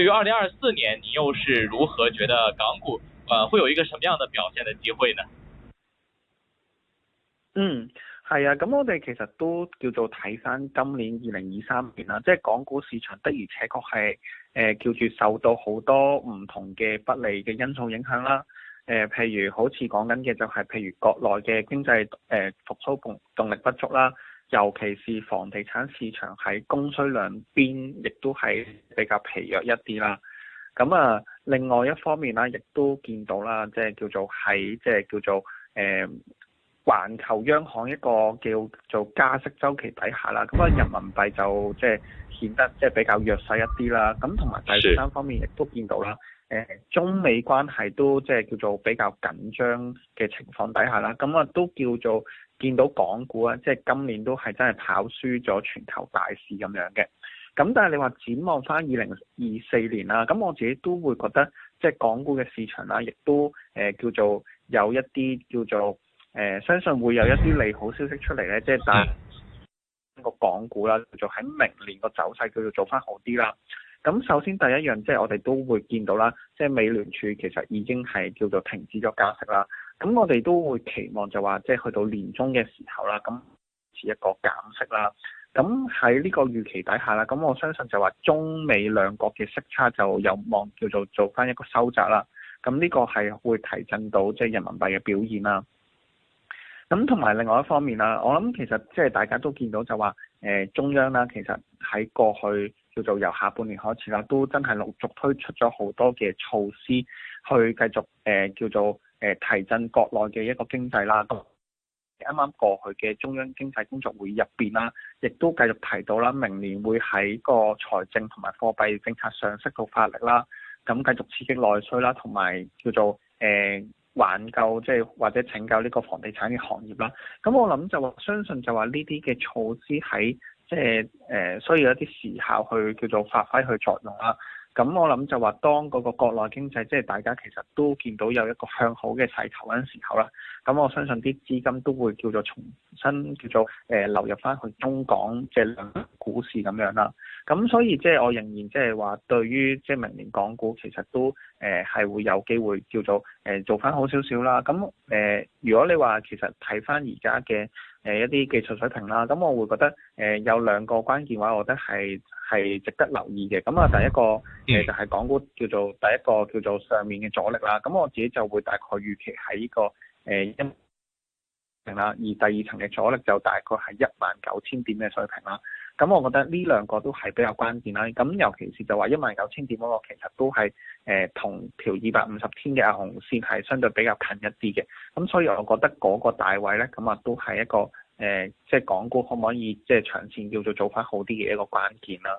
對於二零二四年，你又是如何覺得港股，呃，會有一個什麼樣的表現的機會呢？嗯，係啊，咁我哋其實都叫做睇返今年二零二三年啦，即係港股市場的而且確係，誒、呃，叫做受到好多唔同嘅不利嘅因素影響啦，誒、呃，譬如好似講緊嘅就係、是，譬如國內嘅經濟誒復蘇動動力不足啦。尤其是房地產市場喺供需兩邊，亦都係比較疲弱一啲啦。咁、嗯、啊，另外一方面啦，亦都見到啦，即係叫做喺即係叫做誒，環、呃、球央行一個叫做加息周期底下啦，咁、嗯、啊人民幣就即係顯得即係比較弱勢一啲啦。咁同埋第三方面亦都見到啦，誒、呃、中美關係都即係叫做比較緊張嘅情況底下啦，咁、嗯、啊都叫做，見到港股咧，即係今年都係真係跑輸咗全球大市咁樣嘅。咁但係你話展望翻二零二四年啦，咁我自己都會覺得，即係港股嘅市場啦，亦都誒、呃、叫做有一啲叫做誒、呃，相信會有一啲利好消息出嚟咧，即但帶個港股啦，叫做喺明年個走勢叫做做翻好啲啦。咁首先第一樣即係我哋都會見到啦，即係美聯儲其實已經係叫做停止咗加息啦。咁我哋都會期望就話，即係去到年中嘅時候啦，咁似一個減息啦。咁喺呢個預期底下啦，咁我相信就話中美兩國嘅息差就有望叫做做返一個收窄啦。咁呢個係會提振到即係人民幣嘅表現啦。咁同埋另外一方面啦，我諗其實即係大家都見到就話，誒、呃、中央啦，其實喺過去叫做由下半年開始啦，都真係陸續推出咗好多嘅措施去繼續誒、呃、叫做。誒、呃、提振國內嘅一個經濟啦，咁啱啱過去嘅中央經濟工作會議入邊啦，亦都繼續提到啦，明年會喺個財政同埋貨幣政策上適度發力啦，咁繼續刺激內需啦，同埋叫做誒、呃、挽救即係或者拯救呢個房地產嘅行業啦。咁、嗯、我諗就話相信就話呢啲嘅措施喺即係誒、呃、需要一啲時效去叫做發揮佢作用啦。咁我諗就話，當嗰個國內經濟即係、就是、大家其實都見到有一個向好嘅勢頭嗰陣時候啦，咁我相信啲資金都會叫做重新叫做誒、呃、流入翻去中港即係、就是、股市咁樣啦。咁所以即係我仍然即係話，對於即係明年港股其實都誒係、呃、會有機會叫做誒、呃、做翻好少少啦。咁誒、呃，如果你話其實睇翻而家嘅。誒、呃、一啲技術水平啦，咁、嗯、我會覺得誒、呃、有兩個關鍵話，我覺得係係值得留意嘅。咁、嗯、啊，第一個其實、呃、就係港股叫做第一個叫做上面嘅阻力啦。咁、嗯、我自己就會大概預期喺呢、這個誒、呃、一層啦，而第二層嘅阻力就大概係一萬九千點嘅水平啦。咁我覺得呢兩個都係比較關鍵啦。咁尤其是就話一萬九千點嗰個，其實都係誒、呃、同條二百五十天嘅阿紅線係相對比較近一啲嘅。咁所以我覺得嗰個大位呢，咁啊都係一個誒，即、呃、係、就是、港股可唔可以即係、就是、長線叫做做翻好啲嘅一個關鍵啦。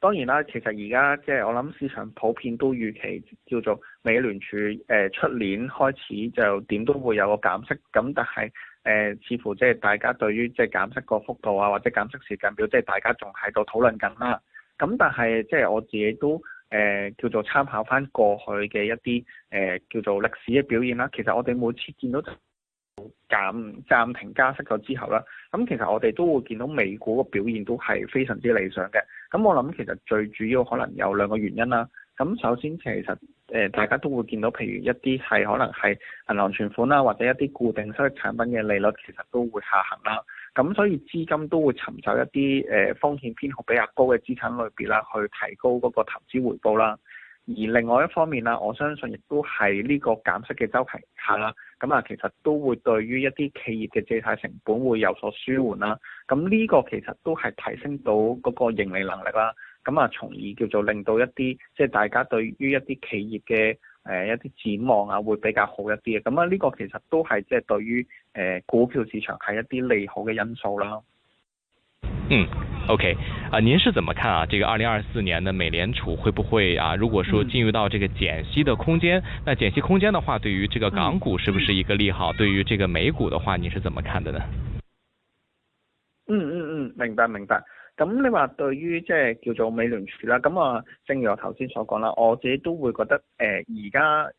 當然啦，其實而家即係我諗市場普遍都預期叫做美聯儲誒出年開始就點都會有個減息，咁但係誒、呃、似乎即係大家對於即係減息個幅度啊或者減息時間表即係、就是、大家仲喺度討論緊啦、啊。咁但係即係我自己都誒、呃、叫做參考返過去嘅一啲誒、呃、叫做歷史嘅表現啦、啊。其實我哋每次見到暫暫停加息咗之後啦，咁其實我哋都會見到美股嘅表現都係非常之理想嘅。咁我諗其實最主要可能有兩個原因啦。咁首先其實誒大家都會見到，譬如一啲係可能係銀行存款啦，或者一啲固定收益產品嘅利率其實都會下行啦。咁所以資金都會尋找一啲誒風險偏好比較高嘅資產類別啦，去提高嗰個投資回報啦。而另外一方面啦，我相信亦都係呢個減息嘅週期下啦，咁啊，其實都會對於一啲企業嘅借貸成本會有所舒緩啦。咁、這、呢個其實都係提升到嗰個盈利能力啦。咁啊，從而叫做令到一啲即係大家對於一啲企業嘅誒一啲展望啊，會比較好一啲嘅。咁啊，呢個其實都係即係對於誒股票市場係一啲利好嘅因素啦。嗯，OK，啊、呃，您是怎麼看啊？這個二零二四年的美聯儲會不會啊？如果說進入到這個減息的空間，嗯、那減息空間的話，對於這個港股是不是一個利好？嗯、對於這個美股的話，你是怎麼看的呢？嗯嗯嗯，明白明白。咁你話對於即係叫做美聯儲啦，咁啊，正如我頭先所講啦，我自己都會覺得誒，而、呃、家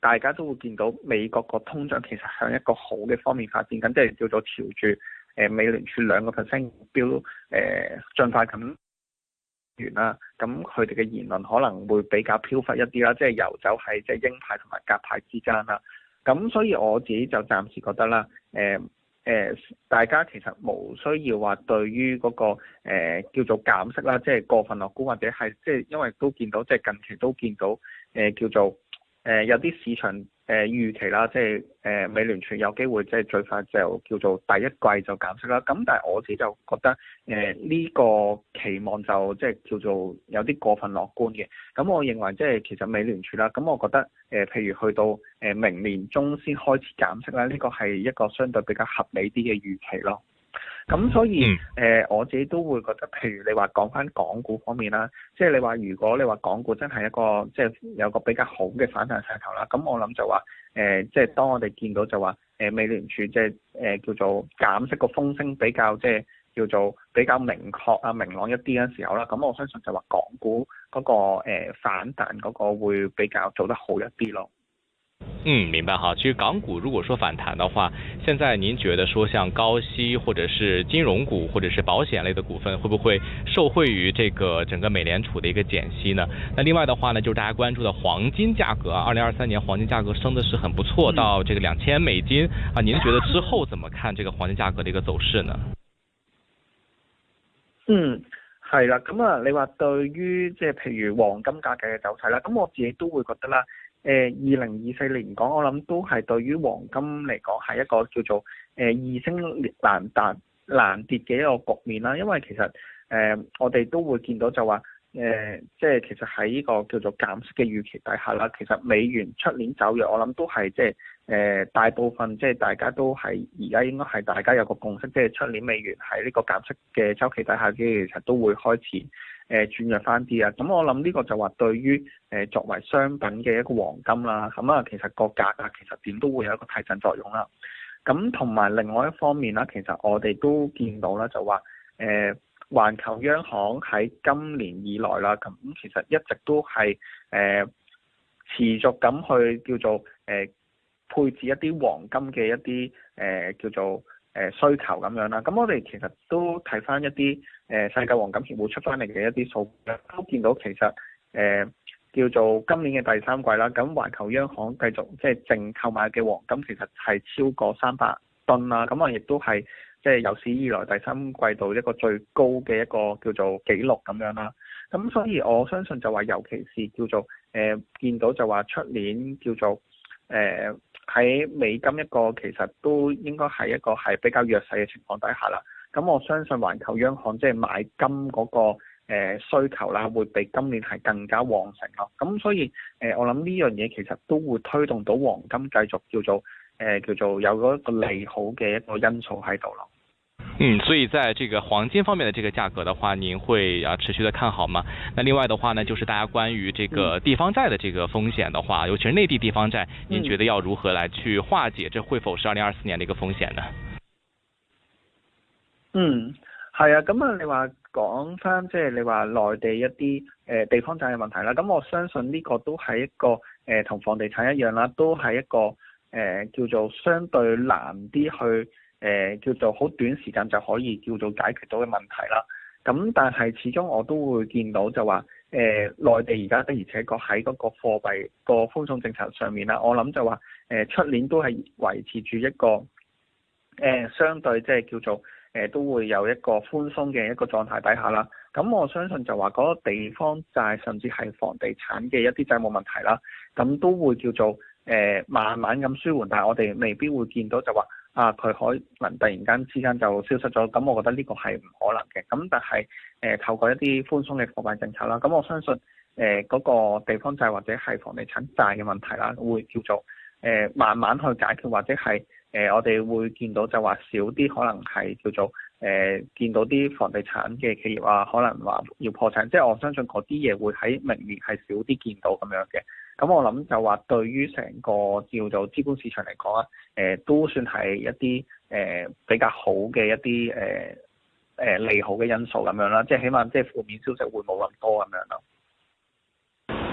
大家都會見到美國個通脹其實向一個好嘅方面發展緊，咁即係叫做調住。誒、呃、美聯儲兩個 percent 目標誒，盡快噉完啦，咁佢哋嘅言論可能會比較飄忽一啲啦，即係游走喺即係鷹派同埋鴿派之間啦。咁、啊嗯、所以我自己就暫時覺得啦，誒、呃、誒、呃，大家其實無需要話對於嗰、那個、呃、叫做減息啦，即係過分樂觀或者係即係因為都見到即係近期都見到誒、呃、叫做誒、呃、有啲市場。誒預、呃、期啦，即係誒、呃、美聯儲有機會即係最快就叫做第一季就減息啦。咁但係我自己就覺得誒呢、呃這個期望就即係叫做有啲過分樂觀嘅。咁我認為即係其實美聯儲啦，咁我覺得誒、呃、譬如去到誒明年中先開始減息啦，呢、這個係一個相對比較合理啲嘅預期咯。咁所以誒、嗯呃、我自己都會覺得，譬如你話講翻港股方面啦，即係你話如果你話港股真係一個即係有個比較好嘅反彈勢頭啦，咁我諗就話誒、呃，即係當我哋見到就話誒美聯儲即係誒、呃、叫做減息個風聲比較即係叫做比較明確啊明朗一啲嘅時候啦，咁我相信就話港股嗰、嗰個、呃、反彈嗰個會比較做得好一啲咯。嗯，明白哈。其實港股如果說反彈的話，現在您覺得說像高息或者是金融股或者是保險類的股份，會不會受惠於這個整個美聯儲的一個減息呢？那另外的話呢，就是大家關注的黃金價格，啊，二零二三年黃金價格升的是很不錯，嗯、到這個兩千美金啊。您覺得之後怎麼看這個黃金價格的一個走勢呢？嗯，係啦，咁啊，你話對於即係譬如黃金價格嘅走勢啦，咁我自己都會覺得啦。誒二零二四年講，我諗都係對於黃金嚟講係一個叫做誒易升難跌難跌嘅一個局面啦。因為其實誒、呃、我哋都會見到就話誒，即、呃、係其實喺呢個叫做減息嘅預期底下啦，其實美元出年走弱，我諗都係即係誒大部分即係大家都係而家應該係大家有個共識，即係出年美元喺呢個減息嘅周期底下嘅，其實都會開始。誒轉、呃、弱翻啲啊，咁、嗯、我諗呢個就話對於誒、呃、作為商品嘅一個黃金啦，咁、嗯、啊其實個價格其實點都會有一個提振作用啦。咁同埋另外一方面啦，其實我哋都見到啦，就話誒，環、呃、球央行喺今年以來啦，咁、嗯、其實一直都係誒、呃、持續咁去叫做誒、呃、配置一啲黃金嘅一啲誒、呃、叫做。誒、呃、需求咁樣啦，咁我哋其實都睇翻一啲誒、呃、世界黃金協會出翻嚟嘅一啲數據，都見到其實誒、呃、叫做今年嘅第三季啦，咁、啊、環球央行繼續即係淨購買嘅黃金其實係超過三百噸啦，咁啊亦、嗯、都係即係有史以來第三季度一個最高嘅一個叫做紀錄咁樣啦，咁、啊、所以我相信就話尤其是叫做誒、呃、見到就話出年叫做。誒喺、呃、美金一個其實都應該係一個係比較弱勢嘅情況底下啦，咁我相信環球央行即係買金嗰、那個、呃、需求啦，會比今年係更加旺盛咯，咁所以誒、呃、我諗呢樣嘢其實都會推動到黃金繼續叫做誒、呃、叫做有嗰一個利好嘅一個因素喺度咯。嗯，所以在這個黃金方面的這個價格的話，您會啊持續的看好嗎？那另外的話呢，就是大家關於這個地方債的這個風險的話，嗯、尤其是內地地方債，您覺得要如何來去化解？這會否是二零二四年的一個風險呢？嗯，係啊，咁啊，你話講返即係你話內地一啲誒、呃、地方債嘅問題啦，咁我相信呢個都係一個誒同、呃、房地產一樣啦，都係一個誒、呃、叫做相對難啲去。誒、呃、叫做好短時間就可以叫做解決到嘅問題啦，咁但係始終我都會見到就話誒內地而家的而且確喺嗰個貨幣個寬鬆政策上面啦，我諗就話誒出年都係維持住一個誒、呃、相對即係叫做誒、呃、都會有一個寬鬆嘅一個狀態底下啦，咁、嗯、我相信就話嗰個地方債甚至係房地產嘅一啲債務問題啦，咁都會叫做誒、呃、慢慢咁舒緩，但係我哋未必會見到就話。啊！佢可能突然間之間就消失咗，咁我覺得呢個係唔可能嘅。咁但係誒、呃、透過一啲寬鬆嘅貨幣政策啦，咁、啊嗯、我相信誒嗰、呃嗰個地方債或者係房地產債嘅問題啦，會叫做誒、呃、慢慢去解決，或者係誒、呃、我哋會見到就話少啲，可能係叫做誒、呃、見到啲房地產嘅企業啊，可能話要破產，即係我相信嗰啲嘢會喺明年係少啲見到咁樣嘅。咁我諗就話對於成個叫做資本市場嚟講啊，誒、呃、都算係一啲誒、呃、比較好嘅一啲誒誒利好嘅因素咁樣啦，即係起碼即係負面消息會冇咁多咁樣咯。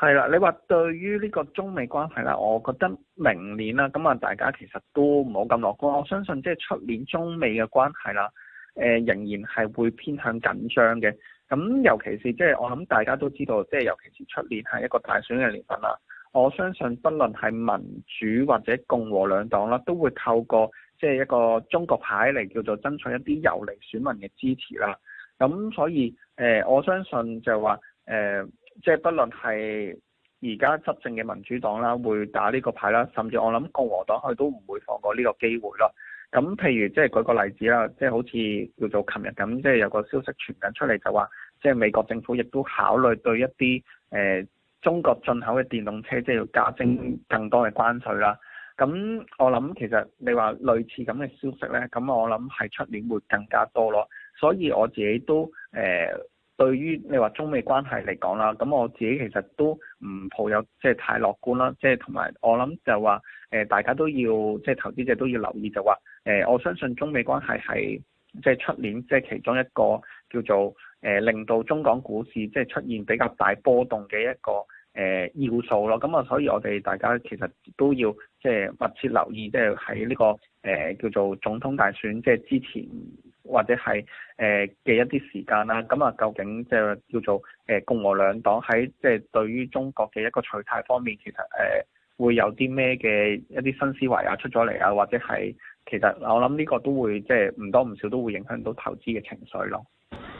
係啦，你話對於呢個中美關係啦，我覺得明年啦，咁啊大家其實都唔好咁樂觀。我相信即係出年中美嘅關係啦，誒、呃、仍然係會偏向緊張嘅。咁尤其是即係我諗大家都知道，即係尤其是出年係一個大選嘅年份啦。我相信，不論係民主或者共和兩黨啦，都會透過即係一個中國牌嚟叫做爭取一啲遊離選民嘅支持啦。咁所以誒、呃，我相信就係話誒。呃即係，不論係而家執政嘅民主黨啦，會打呢個牌啦，甚至我諗共和黨佢都唔會放過呢個機會咯。咁譬如即係舉個例子啦，即係好似叫做琴日咁，即係有個消息傳緊出嚟就話，即係美國政府亦都考慮對一啲誒中國進口嘅電動車，即係要加徵更多嘅關稅啦。咁我諗其實你話類似咁嘅消息呢，咁我諗係出年會更加多咯。所以我自己都誒。呃對於你話中美關係嚟講啦，咁我自己其實都唔抱有即係太樂觀啦，即係同埋我諗就話誒，大家都要即係投資者都要留意就話誒，我相信中美關係係即係出年即係其中一個叫做誒令到中港股市即係出現比較大波動嘅一個誒要素囉。咁啊，所以我哋大家其實都要即係密切留意，即係喺呢個誒叫做總統大選即係之前。或者係誒嘅一啲時間啦，咁啊究竟即係叫做誒、呃、共和兩黨喺即係對於中國嘅一個取態方面，其實誒、呃、會有啲咩嘅一啲新思維啊出咗嚟啊，或者係其實我諗呢個都會即係唔多唔少都會影響到投資嘅情緒咯、啊。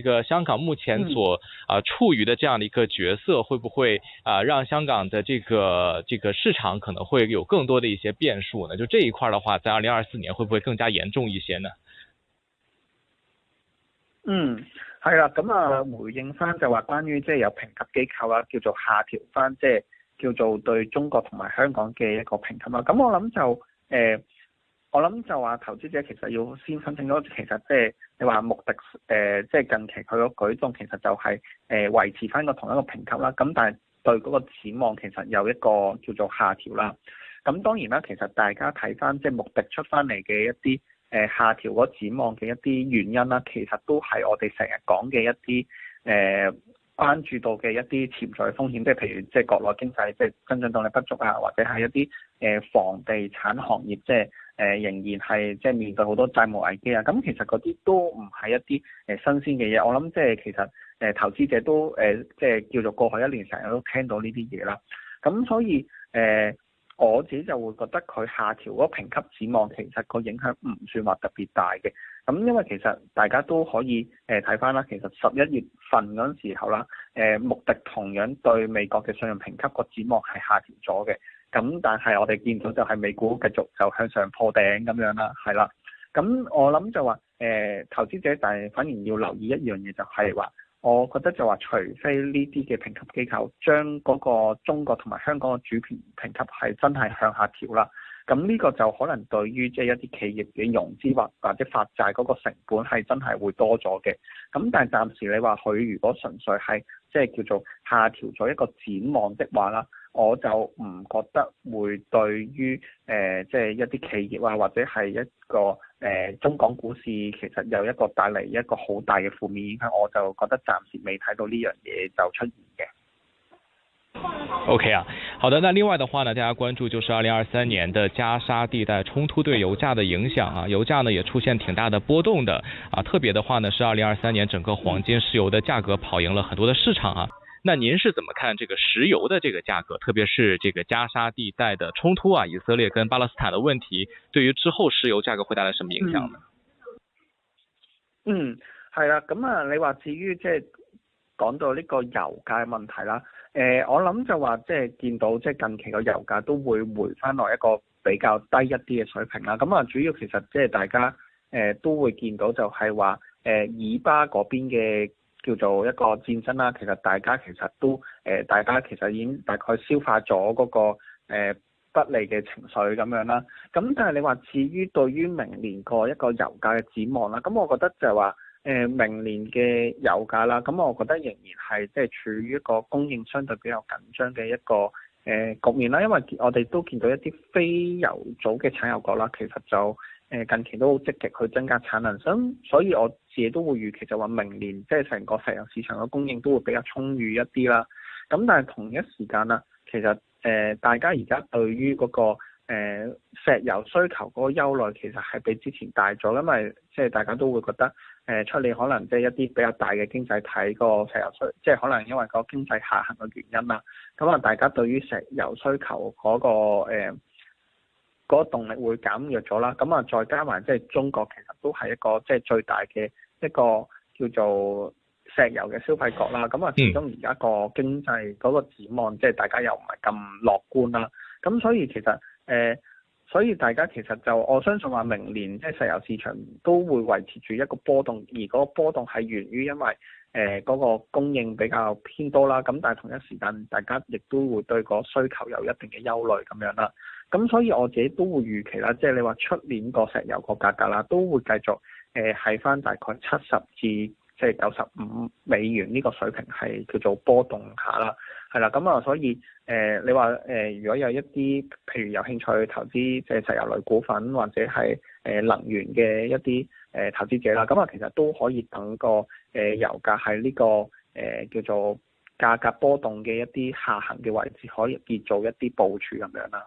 這個香港目前所啊處於的這樣的一個角色，會不會啊、呃、讓香港的這個這個市場可能會有更多的一些變數呢？就這一塊的話，在二零二四年會不會更加嚴重一些呢？嗯，係啦，咁啊，回應返就話關於即係有評級機構啊，叫做下調返即係叫做對中國同埋香港嘅一個評級啊。咁我諗就誒。呃我諗就話投資者其實要先申清咗，其實即係你話穆迪，誒、呃，即係近期佢個舉動其實就係誒維持翻個同一個評級啦。咁但係對嗰個展望其實有一個叫做下調啦。咁當然啦，其實大家睇翻即係穆迪出翻嚟嘅一啲誒下調嗰展望嘅一啲原因啦，其實都係我哋成日講嘅一啲誒。呃關注到嘅一啲潛在風險，即係譬如即係國內經濟即係增長動力不足啊，或者係一啲誒房地產行業即係誒仍然係即係面對好多債務危機啊，咁其實嗰啲都唔係一啲誒新鮮嘅嘢，我諗即係其實誒投資者都誒即係叫做過去一年成日都聽到呢啲嘢啦，咁所以誒。呃我自己就會覺得佢下調嗰個評級展望，其實個影響唔算話特別大嘅。咁、嗯、因為其實大家都可以誒睇返啦，其實十一月份嗰陣時候啦，誒穆迪同樣對美國嘅信用評級個展望係下調咗嘅。咁、嗯、但係我哋見到就係美股繼續就向上破頂咁樣啦，係啦。咁、嗯、我諗就話誒、呃，投資者但係反而要留意一樣嘢，就係話。我覺得就話，除非呢啲嘅評級機構將嗰個中國同埋香港嘅主權評級係真係向下調啦，咁呢個就可能對於即係一啲企業嘅融資或或者發債嗰個成本係真係會多咗嘅，咁但係暫時你話佢如果純粹係。即係叫做下調咗一個展望的話啦，我就唔覺得會對於誒、呃、即係一啲企業啊，或者係一個誒、呃、中港股市其實有一個帶嚟一個好大嘅負面影響。我就覺得暫時未睇到呢樣嘢就出現嘅。OK 啊，好的，那另外的話呢，大家關注就是二零二三年的加沙地帶衝突對油價的影響啊，油價呢也出現挺大的波動的啊，特別的話呢是二零二三年整個黃金、石油的價格跑贏了很多的市場啊，那您是怎麼看這個石油的這個價格，特別是這個加沙地帶的衝突啊，以色列跟巴勒斯坦的問題，對於之後石油價格會帶來什麼影響呢？嗯、係、嗯、啦，咁啊，嗯、你話至於即係講到呢個油價問題啦。誒、呃，我諗就話，即係見到即係近期個油價都會回翻落一個比較低一啲嘅水平啦。咁、嗯、啊，主要其實即係大家誒都會見到就係話，誒、呃、以巴嗰邊嘅叫做一個戰爭啦。其實大家其實都誒、呃，大家其實已經大概消化咗嗰、那個、呃、不利嘅情緒咁樣啦。咁但係你話至於對於明年個一個油價嘅展望啦，咁、嗯、我覺得就係話。誒明年嘅油價啦，咁我覺得仍然係即係處於一個供應相對比較緊張嘅一個誒局面啦，因為我哋都見到一啲非油組嘅產油國啦，其實就誒近期都好積極去增加產能，咁所以我自己都會預期就話明年即係成個石油市場嘅供應都會比較充裕一啲啦。咁但係同一時間啦，其實誒大家而家對於嗰個石油需求嗰個憂慮其實係比之前大咗，因為即係大家都會覺得。誒出嚟可能即係一啲比較大嘅經濟體個石油需，即係可能因為個經濟下行嘅原因啦。咁啊，大家對於石油需求嗰個誒嗰個動力會減弱咗啦。咁啊，再加埋即係中國其實都係一個即係最大嘅一個叫做石油嘅消費國啦。咁啊，始終而家個經濟嗰個展望即係大家又唔係咁樂觀啦。咁所以其實誒。呃所以大家其實就我相信話，明年即係石油市場都會維持住一個波動，而嗰個波動係源於因為誒嗰、呃嗰個供應比較偏多啦。咁但係同一時間，大家亦都會對嗰需求有一定嘅憂慮咁樣啦。咁所以我自己都會預期啦，即係你話出年個石油個價格啦，都會繼續誒喺翻大概七十至即係九十五美元呢個水平係叫做波動下啦。係啦，咁啊，所以誒、呃，你話誒、呃，如果有一啲，譬如有興趣投資即係石油類股份或者係誒、呃、能源嘅一啲誒、呃、投資者啦，咁啊，其實都可以等個誒、呃、油價喺呢個誒、呃、叫做價格波動嘅一啲下行嘅位置，可以做一啲部署咁樣啦。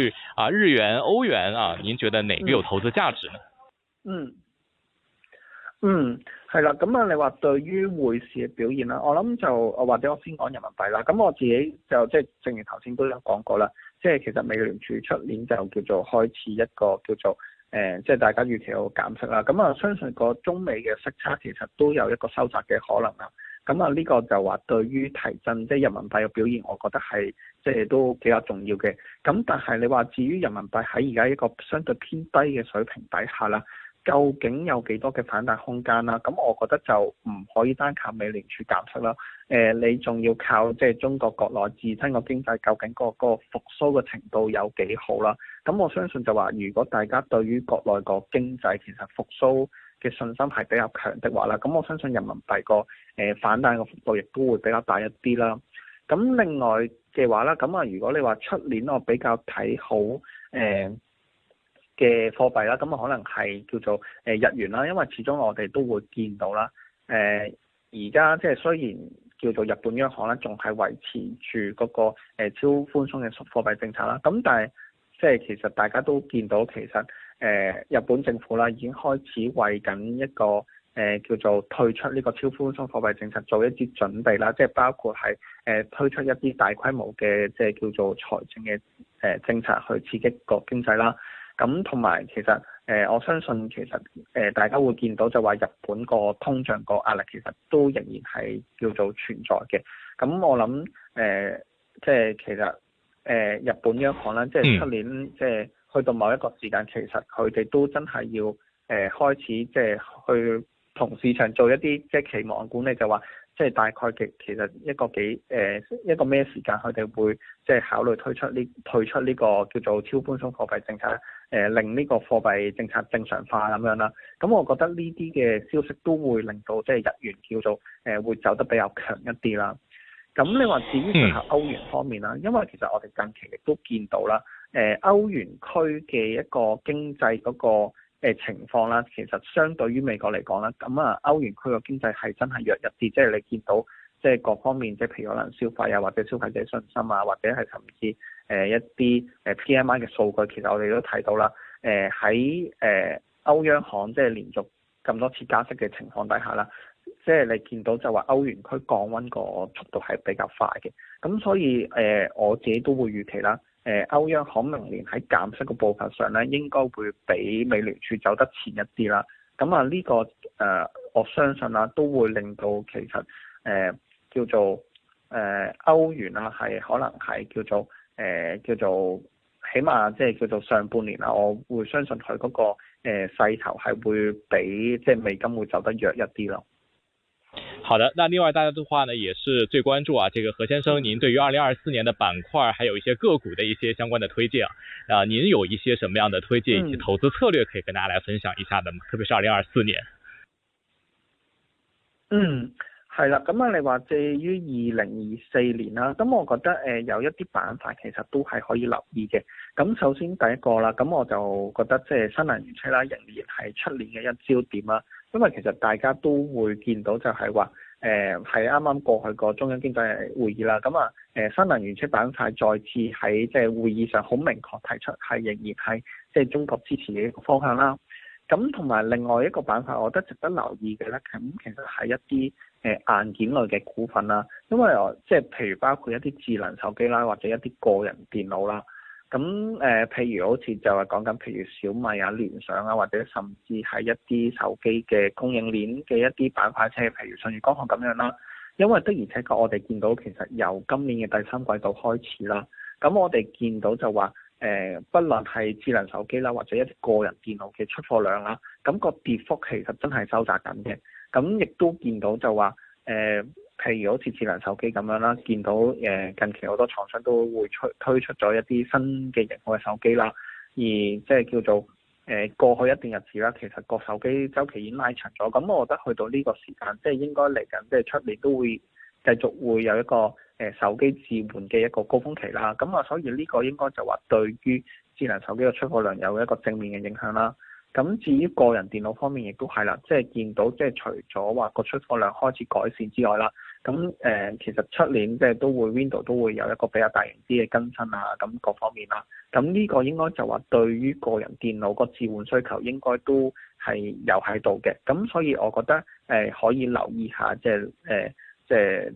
啊，日元、歐元啊，您覺得哪個有投資價值呢？嗯嗯，係、嗯、啦，咁啊，你話對於匯市嘅表現啦，我諗就我或者我先講人民幣啦。咁我自己就即係，正如頭先都有講過啦，即係其實美聯儲出年就叫做開始一個叫做誒，即、呃、係大家預期有減息啦。咁、嗯、啊，相信個中美嘅息差其實都有一個收窄嘅可能啊。咁啊，呢個就話對於提振，即係、就是、人民幣嘅表現，我覺得係即係都比較重要嘅。咁但係你話，至於人民幣喺而家一個相對偏低嘅水平底下啦，究竟有幾多嘅反彈空間啦？咁我覺得就唔可以單靠美聯儲減息啦。誒、呃，你仲要靠即係中國國內自身個經濟究竟、嗰個、嗰個復蘇嘅程度有幾好啦？咁我相信就話，如果大家對於國內個經濟其實復蘇嘅信心係比較強的話啦，咁我相信人民幣個誒反彈個幅度亦都會比較大一啲啦。咁另外嘅話啦，咁啊如果你話出年我比較睇好誒嘅、呃、貨幣啦，咁啊可能係叫做誒日元啦，因為始終我哋都會見到啦。誒而家即係雖然叫做日本央行咧，仲係維持住嗰個誒超寬鬆嘅貨幣政策啦，咁但係即係其實大家都見到其實。誒日本政府啦，已經開始為緊一個誒叫做退出呢個超寬鬆貨幣政策做一啲準備啦，即係包括係誒推出一啲大規模嘅即係叫做財政嘅誒政策去刺激個經濟啦。咁同埋其實誒我相信其實誒大家會見到就話日本個通脹個壓力其實都仍然係叫做存在嘅。咁我諗誒即係其實誒日本央行啦，即係出年即係。去到某一個時間，其實佢哋都真係要，誒、呃、開始即係去同市場做一啲即係期望管理就，就話即係大概其其實一個幾誒、呃、一個咩時間，佢哋會即係考慮推出呢退出呢個叫做超寬鬆貨幣政策，誒、呃、令呢個貨幣政策正常化咁樣啦。咁我覺得呢啲嘅消息都會令到即係日元叫做誒、呃、會走得比較強一啲啦。咁你話至於其實歐元方面啦，因為其實我哋近期亦都見到啦，誒歐元區嘅一個經濟嗰個情況啦，其實相對於美國嚟講啦，咁啊歐元區個經濟係真係弱一啲，即係你見到即係各方面，即係譬如可能消費啊，或者消費者信心啊，或者係甚至誒一啲誒 PMI 嘅數據，其實我哋都睇到啦，誒喺誒歐央行即係連續咁多次加息嘅情況底下啦。即係你見到就話歐元區降温個速度係比較快嘅，咁所以誒、呃、我自己都會預期啦。誒、呃、歐央行明年喺減息個步伐上咧，應該會比美聯儲走得前一啲啦。咁啊呢個誒、呃、我相信啊都會令到其實誒、呃、叫做誒、呃、歐元啊係可能係叫做誒、呃、叫做起碼即係叫做上半年啊，我會相信佢嗰、那個誒勢、呃、頭係會比即係、就是、美金會走得弱一啲咯。好的，那另外大家的話呢，也是最關注啊，這個何先生，您對於二零二四年的板塊，還有一些個股的一些相關的推薦啊，啊，您有一些什麼樣的推薦以及投資策略可以跟大家來分享一下的嗎？嗯、特別是二零二四年。嗯，係啦，咁啊，你話至於二零二四年啦，咁我覺得誒，有一啲板塊其實都係可以留意嘅。咁首先第一個啦，咁我就覺得即係新能源車啦，仍然係出年嘅一焦點啦。因為其實大家都會見到就，就係話誒係啱啱過去個中央經濟會議啦，咁啊誒新能源車板塊再次喺即係會議上好明確提出係仍然係即係中國支持嘅一個方向啦。咁同埋另外一個板塊，我覺得值得留意嘅咧，咁其實係一啲誒硬件類嘅股份啦，因為我即係譬如包括一啲智能手機啦，或者一啲個人電腦啦。咁誒、呃，譬如好似就係講緊，譬如小米啊、聯想啊，或者甚至係一啲手機嘅供應鏈嘅一啲板塊車，譬如舜宇光學咁樣啦。因為的而且確，我哋見到其實由今年嘅第三季度開始啦，咁我哋見到就話誒、呃，不論係智能手機啦，或者一啲個人電腦嘅出貨量啦，咁、那個跌幅其實真係收窄緊嘅。咁亦都見到就話誒。呃譬如好似智能手機咁樣啦，見到誒近期好多廠商都會出推出咗一啲新嘅型號嘅手機啦，而即係叫做誒過去一段日子啦，其實個手機周期已經拉長咗。咁我覺得去到呢個時間，即係應該嚟緊，即係出年都會繼續會有一個誒手機置換嘅一個高峰期啦。咁啊，所以呢個應該就話對於智能手機嘅出貨量有一個正面嘅影響啦。咁至於個人電腦方面，亦都係啦，即係見到即係除咗話個出貨量開始改善之外啦。咁誒、呃，其實出年即係都會 Window 都會有一個比較大型啲嘅更新啊，咁各方面啦、啊。咁呢個應該就話對於個人電腦個置換需求應該都係有喺度嘅。咁所以我覺得誒、呃、可以留意下即係誒、呃、即係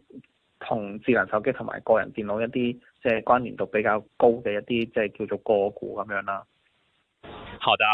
同智能手機同埋個人電腦一啲即係關聯度比較高嘅一啲即係叫做個股咁樣啦、啊。好的、啊。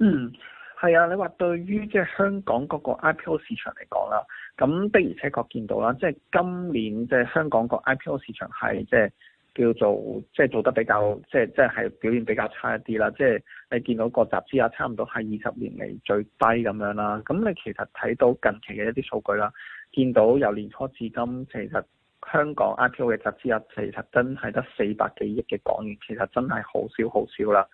嗯，係啊，你話對於即係香港嗰個 IPO 市場嚟講啦，咁的而且確見到啦，即係今年即係香港個 IPO 市場係即係叫做即係做得比較即係即係係表現比較差一啲啦，即係你見到個集資額差唔多係二十年嚟最低咁樣啦。咁你其實睇到近期嘅一啲數據啦，見到由年初至今其實香港 IPO 嘅集資額其實真係得四百幾億嘅港元，其實真係好少好少啦。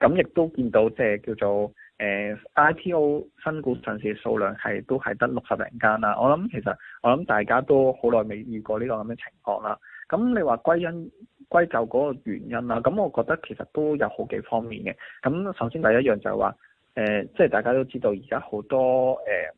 咁亦都見到即係叫做誒 IPO 新股上市數量係都係得六十零間啦，我諗其實我諗大家都好耐未遇過呢個咁嘅情況啦。咁你話歸因歸咎嗰個原因啦，咁我覺得其實都有好幾方面嘅。咁首先第一樣就係話、誒、呃，即係大家都知道而家好多誒。呃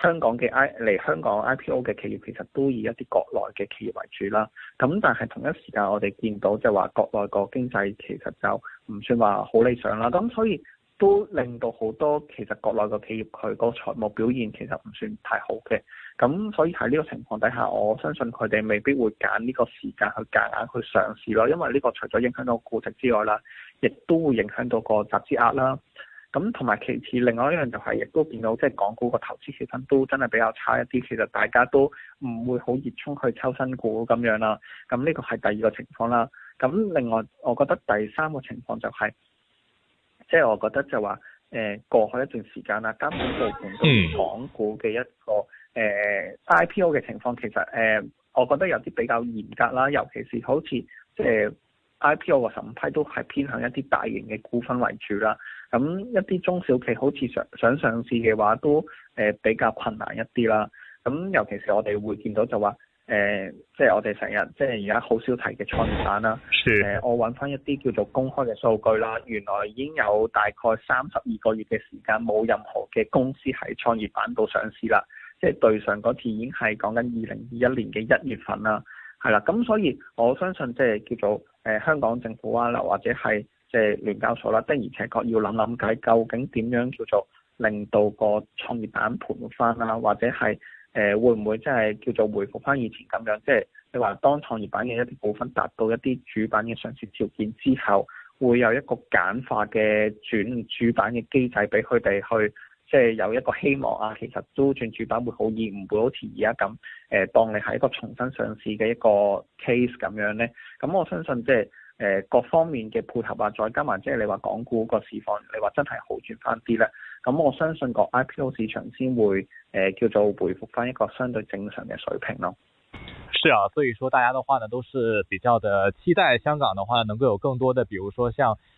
香港嘅 I 嚟香港 IPO 嘅企業其實都以一啲國內嘅企業為主啦，咁但係同一時間我哋見到就話國內個經濟其實就唔算話好理想啦，咁所以都令到好多其實國內個企業佢個財務表現其實唔算太好嘅，咁所以喺呢個情況底下，我相信佢哋未必會揀呢個時間去夾硬硬去嘗試咯，因為呢個除咗影響到估值之外啦，亦都會影響到個集資額啦。咁同埋其次，另外一樣就係、是，亦都見到即係港股個投資氣氛都真係比較差一啲，其實大家都唔會好熱衷去抽新股咁樣啦。咁呢個係第二個情況啦。咁另外，我覺得第三個情況就係、是，即係我覺得就話，誒、呃、過去一段時間啦，監管部門對港股嘅一個誒、呃、IPO 嘅情況，其實誒、呃、我覺得有啲比較嚴格啦，尤其是好似即係。呃 IPO 嘅審批都係偏向一啲大型嘅股份為主啦，咁一啲中小企好似上想上市嘅話都，都、呃、誒比較困難一啲啦。咁尤其係我哋會見到就話，誒、呃、即係我哋成日即係而家好少提嘅創業板啦。是呃、我揾翻一啲叫做公開嘅數據啦，原來已經有大概三十二個月嘅時間冇任何嘅公司喺創業板度上市啦。即係對上嗰次已經係講緊二零二一年嘅一月份啦。係啦，咁所以我相信即係叫做誒、呃、香港政府啊，或者係即係聯交所啦，的而且確要諗諗計，究竟點樣叫做令到個創業板盤翻啊，或者係誒、呃、會唔會即係叫做回復翻以前咁樣？即係你話當創業板嘅一啲股份達到一啲主板嘅上市條件之後，會有一個簡化嘅轉主板嘅機制俾佢哋去。即係有一個希望啊，其實都轉主板會好易，唔會好似而家咁誒，當你係一個重新上市嘅一個 case 咁樣呢，咁、嗯、我相信即係誒、呃、各方面嘅配合啊，再加埋即係你話港股個市況，你話真係好轉翻啲咧。咁、嗯、我相信個 IPO 市場先會誒、呃、叫做回復翻一個相對正常嘅水平咯。是啊，所以說大家的話呢，都是比較的期待香港的話，能夠有更多嘅，比如說像，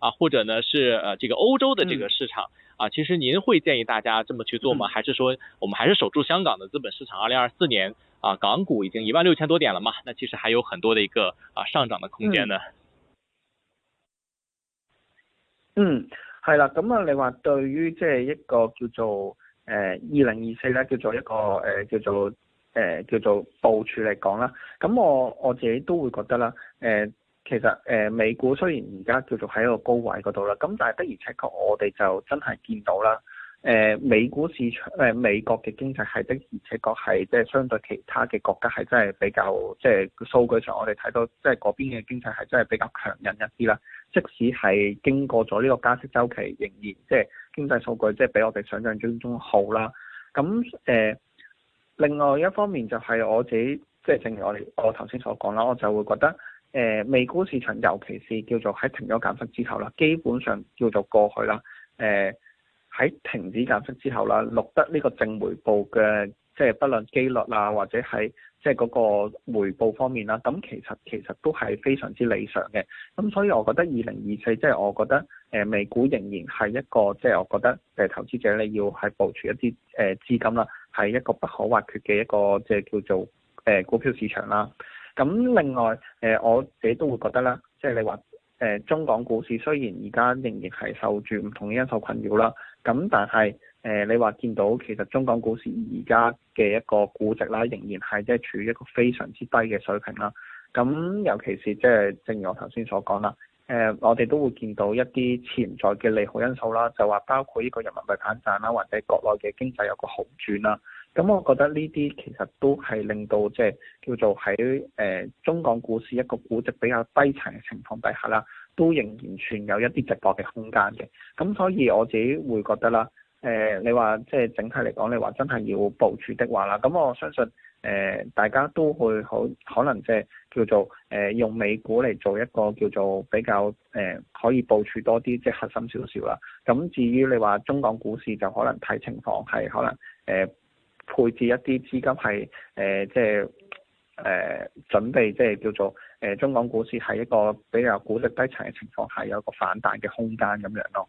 啊，或者呢是，呃，這個歐洲的這個市場啊，嗯、其實您會建議大家這麼去做嗎？嗯、還是說，我們還是守住香港的資本市場？二零二四年啊，港股已經一萬六千多點了嘛，那其實還有很多的一個啊上漲的空間呢嗯。嗯，係啦，咁啊，你話對於即係一個叫做，誒、呃，二零二四咧，叫做一個誒、呃，叫做，誒、呃，叫做部署嚟講啦，咁我我自己都會覺得啦，誒、呃。其實誒、呃、美股雖然而家叫做喺一個高位嗰度啦，咁但係的而且確我哋就真係見到啦，誒、呃、美股市場誒、呃、美國嘅經濟係的而且確係即係相對其他嘅國家係真係比較即係數據上我哋睇到即係嗰邊嘅經濟係真係比較強韌一啲啦，即使係經過咗呢個加息週期，仍然即係經濟數據即係比我哋想像中中好啦。咁誒、呃、另外一方面就係我自己即係正如我哋我頭先所講啦，我就會覺得。誒美、呃、股市場，尤其是叫做喺停咗減息之後啦，基本上叫做過去啦。誒、呃、喺停止減息之後啦，錄得呢個正回報嘅，即係不論機率啊，或者係即係嗰個回報方面啦，咁其實其實都係非常之理想嘅。咁所以我覺得二零二四，即係我覺得誒美、呃、股仍然係一個，即係我覺得誒投資者你要係部署一啲誒資金啦，係一個不可或缺嘅一個，即係叫做誒、呃、股票市場啦。咁另外，誒、呃、我自己都會覺得啦，即係你話誒、呃、中港股市雖然而家仍然係受住唔同因素困擾啦，咁但係誒、呃、你話見到其實中港股市而家嘅一個估值啦，仍然係即係處於一個非常之低嘅水平啦。咁尤其是即係正如我頭先所講啦，誒、呃、我哋都會見到一啲潛在嘅利好因素啦，就話包括呢個人民幣反彈啦，或者國內嘅經濟有個好轉啦。咁我覺得呢啲其實都係令到即係叫做喺誒、呃、中港股市一個估值比較低層嘅情況底下啦，都仍然存有一啲值博嘅空間嘅。咁所以我自己會覺得啦，誒、呃、你話即係整體嚟講，你話真係要部署的話啦，咁我相信誒、呃、大家都會好可能即係叫做誒、呃、用美股嚟做一個叫做比較誒、呃、可以部署多啲即係核心少少啦。咁至於你話中港股市就可能睇情況係可能誒、呃配置一啲資金係，誒、呃，即係，誒、呃，準備即係叫做，誒、呃，中港股市喺一個比較估值低層嘅情況下，有一個反彈嘅空間咁樣咯。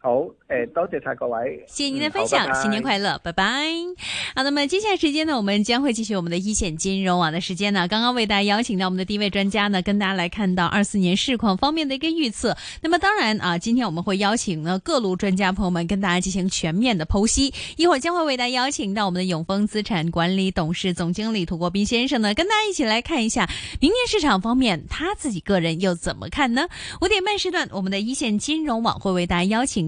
好誒，多謝晒，各位，謝謝您、嗯、的分享，好拜拜，新年快樂，拜拜。好、啊，那麼接下來時間呢，我們將會繼續我們的一線金融網的時間呢，剛剛為大家邀請到我們的第一位專家呢，跟大家來看到二四年市況方面的一個預測。那麼當然啊，今天我們會邀請呢各路專家朋友們，跟大家進行全面的剖析。一會兒將會為大家邀請到我們的永豐資產管理董事總經理涂國斌先生呢，跟大家一起來看一下明年市場方面他自己個人又怎麼看呢？五點半時段，我們的一線金融網會為大家邀請。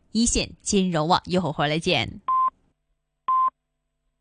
一線金融網，一會兒回來見。